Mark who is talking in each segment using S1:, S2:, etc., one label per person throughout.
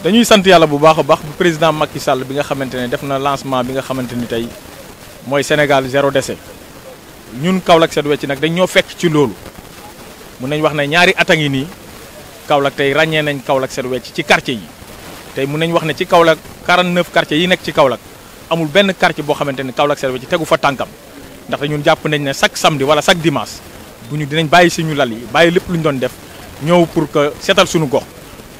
S1: dañuy sant labu bu baax a baax bu président Macky Sall bi nga xamante def na lancement bi nga xamante ni tey mooy Sénégal zéro Yun ñun Kaolack Set Wecc nag dañ ñoo fekk ci loolu mun nañ wax ne ñaari at a ngi nii Kaolack tey ràññee nañ Kaolack Set Wecc ci quartier yi wax ci Kaolack 49 yi ci Kaolack amul benn quartier boo xamante ne Kaolack Set Wecc tegu fa tànkam ndaxte ñun jàpp nañ ne chaque samedi wala chaque dimanche bu ñu dinañ suñu doon def ñëw pour que seetal suñu gox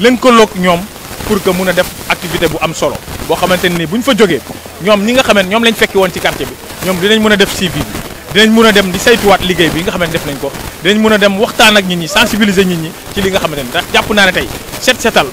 S1: lënkaloog ñoom pour que mun a def activité bu am solo boo xamante ni bu ñu fa jógee ñoom ñi nga xam ne ñoom lañ fekki woon ci quartier bi ñoom dinañ mën a def suivi bi dinañ mën a dem di saytuwaat liggéey bi nga xamante ne def nañ ko dinañ mën a dem waxtaan ak nit ñi sensibiliser nit ñi ci li nga xamante ni ndax jàpp naa ne tey set setal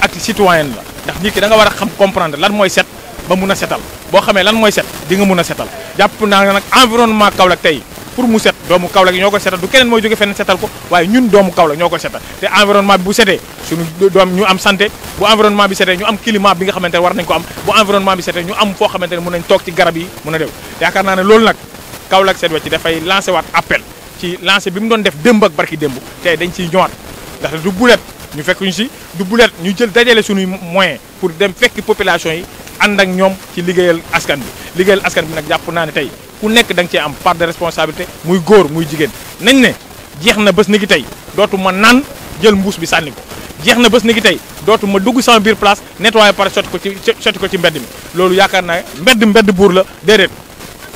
S1: ak citoyen la ndax nit ki danga war a xam comprendre lan mooy set ba mun a setal boo xamee lan mooy set di nga mun a setal jàpp naa ne nag environnement Kaolack tey pour mu set doomu Kaolack ñoo koy setal du keneen mooy jóge feneen setal ko waaye ñun doomu Kaolack ñoo koy setal te environnement bi bu setee suñu doom ñu am santé bu environnement bi setee ñu am climat bi nga xamante ne war nañ ko am bu environnement bi setee ñu am foo xamante ne nañ toog ci garab yi mën a dew yaakaar naa ne loolu nag Kaolack Set Wecc ci dafay lancé waat appel ci lancé bi mu doon def démb ak barki démb tey dañ ciy ñëwaat ndaxte du bulet ñu fekk ñu si du bulet ñu jël dajale suñuy moyen pour dem fekki population yi ànd ak ñoom ci liggéeyal askan bi liggéeyal askan bi nag jàpp naa ne tey ku nekk da nga cee am part de responsabilité muy góor muy jigéen nañ ne jeex na bés ni ki tey dootu ma naan jël mbuus bi sànni ko jeex na bés ni ki tey dootu ma dugg sama biir place nettoyé pare sotti ko ci sotti ko ci mbedd mi loolu yaakaar naa mbedd mbedd buur la déedéet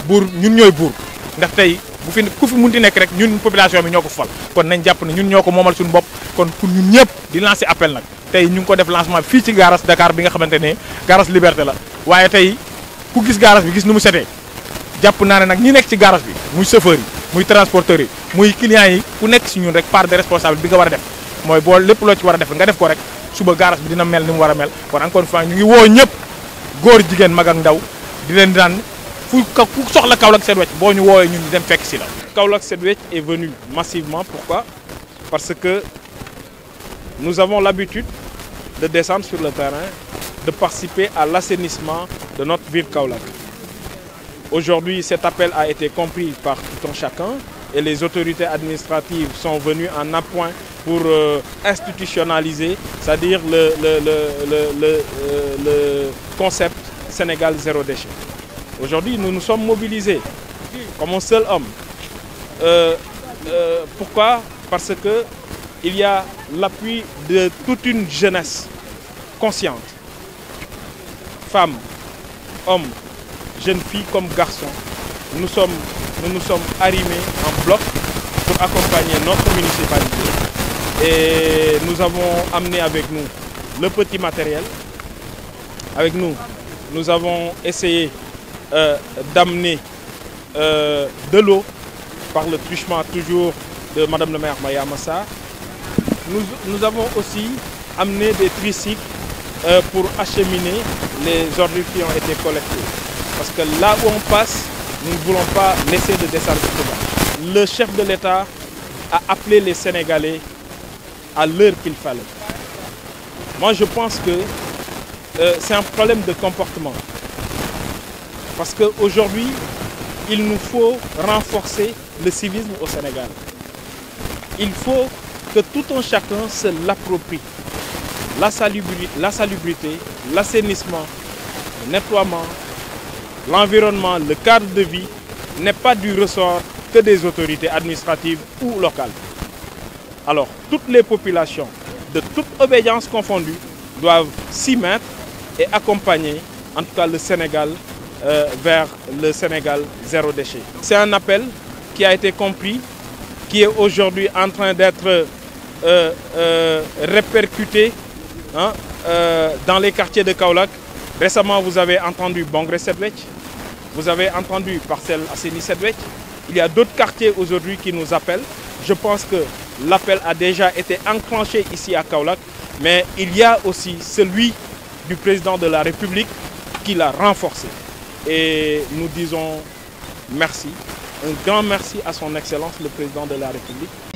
S1: buur ñun ñooy buur ndax tey bu fi ku fi munti nekk rek ñun population bi ñoo ko fal kon nañ jàpp na ñun ñoo ko moomal suñu bopp kon pour ñun ñëpp di lancer appel nag tey ñu ngi ko def lancement fii ci gaaras Dakar bi nga xamante ne gaaras Liberté la waaye tey ku gis gaaras bi gis nu mu setee Japonais naa ne nag ñi nekk ci garage bi muy chauffeur yi muy transporteur yi muy clients yi ku nekk si ñun rek part de responsable bi nga war def Moy boo lépp loo ci def nga def ko rek suba garage bi dina mel ni mu war a mel kon encore une fois ñu ngi woo ñëpp góor jigéen mag ak ndaw di leen daan fu soxla Set ñu ñun dem fekk si la. Kaolack Set est venu massivement pourquoi parce que nous avons l'habitude de descendre sur le terrain de participer à l'assainissement de notre ville kaulak. Aujourd'hui, cet appel a été compris par tout un chacun et les autorités administratives sont venues en appoint pour euh, institutionnaliser, c'est-à-dire euh, le, concept Sénégal zéro déchet. Aujourd'hui, nous nous sommes mobilisés comme un seul homme. Euh, pourquoi Parce que il y a l'appui de toute une jeunesse consciente, femme, hommes, jeunes filles comme garçons. Nous nous sommes arrimés en bloc pour accompagner notre municipalité. Et nous avons amené avec nous le petit matériel. Avec nous, nous avons essayé euh, d'amener euh, de l'eau par le truchement toujours de Madame le maire Maya Massa. Nous, avons aussi amené des tricycles euh, pour acheminer les ordures qui ont été collectées. Parce que là où on passe, nous ne voulons pas laisser de descente Le chef de l'État a appelé les Sénégalais à l'heure qu'il fallait. Moi, je pense que euh, c'est un problème de comportement. Parce qu'aujourd'hui, il nous faut renforcer le civisme au Sénégal. Il faut que tout un chacun se l'approprie. La salubrité, l'assainissement, l'emploi le l'environnement, le cadre de vie n'est pas du ressort que des autorités administratives ou locales. Alors, toutes les populations, de toute obédience confondue, doivent s'y mettre et accompagner, en tout cas le Sénégal, euh, vers le Sénégal zéro déchet. C'est un appel qui a été compris, qui est aujourd'hui en train d'être euh, euh, répercuté hein, dans les quartiers de Kaolac Récemment, vous avez entendu Bangré Sedwech, vous avez entendu Parcelle Asseni Sedwech. Il y a d'autres quartiers aujourd'hui qui nous appellent. Je pense que l'appel a déjà été enclenché ici à Kaolak, mais il y a aussi celui du président de la République qui l'a renforcé. Et nous disons merci, un grand merci à son Excellence le président de la République